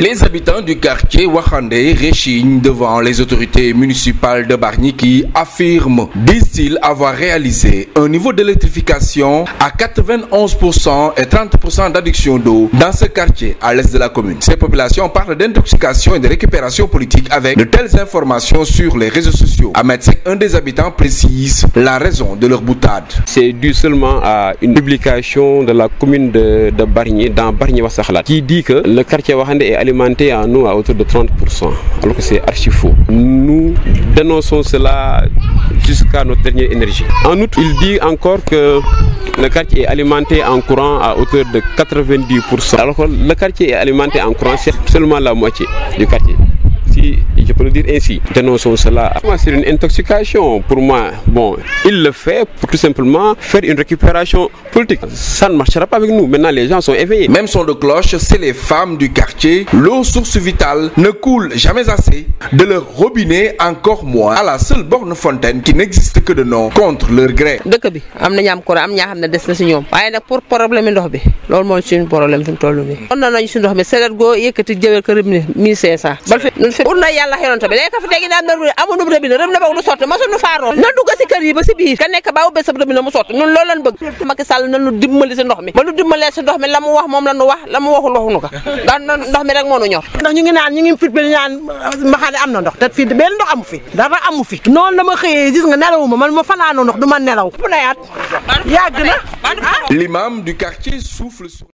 Les habitants du quartier Wakande réchignent devant les autorités municipales de Barni qui affirment, disent-ils, avoir réalisé un niveau d'électrification à 91% et 30% d'adduction d'eau dans ce quartier à l'est de la commune. Ces populations parlent d'intoxication et de récupération politique avec de telles informations sur les réseaux sociaux. Ahmed un des habitants, précise la raison de leur boutade. C'est dû seulement à une publication de la commune de, de dans barnier Wassakhla. qui dit que le quartier Wakande est alimenté en eau à hauteur de 30%, alors que c'est archi faux. Nous dénonçons cela jusqu'à notre dernière énergie. En outre, il dit encore que le quartier est alimenté en courant à hauteur de 90%, alors que le quartier est alimenté en courant, c'est seulement la moitié du quartier je peux le dire ainsi, dénonçons cela. C'est une intoxication pour moi. Bon, il le fait pour tout simplement faire une récupération politique. Ça ne marchera pas avec nous. Maintenant, les gens sont éveillés. Même son de cloche, c'est les femmes du quartier. L'eau source vitale ne coule jamais assez. De leur robinet, encore moins, à la seule borne fontaine qui n'existe que de nom, contre leur gré. problème ut na yàlla xeronte bi léegi ka fi léegi naan na amuñu robinet robinet boobu du sotti masuñu faaroo na dugg si kër yi ba si biir ka nekk ba ubbe sa robinet mu sotti ñun loolu lañ bëgg Macky Sall na nu dimbali si ndox mi ba nu dimbalee si ndox mi la mu wax moom la nu wax la mu waxul waxuñu ko ndax ndox mi rek moo nu ñor ndax ñu naan ñu ngi fit bi naan maxaane am na ndox te fii benn ndox amu fi dara amu fi noonu la ma xëyee gis nga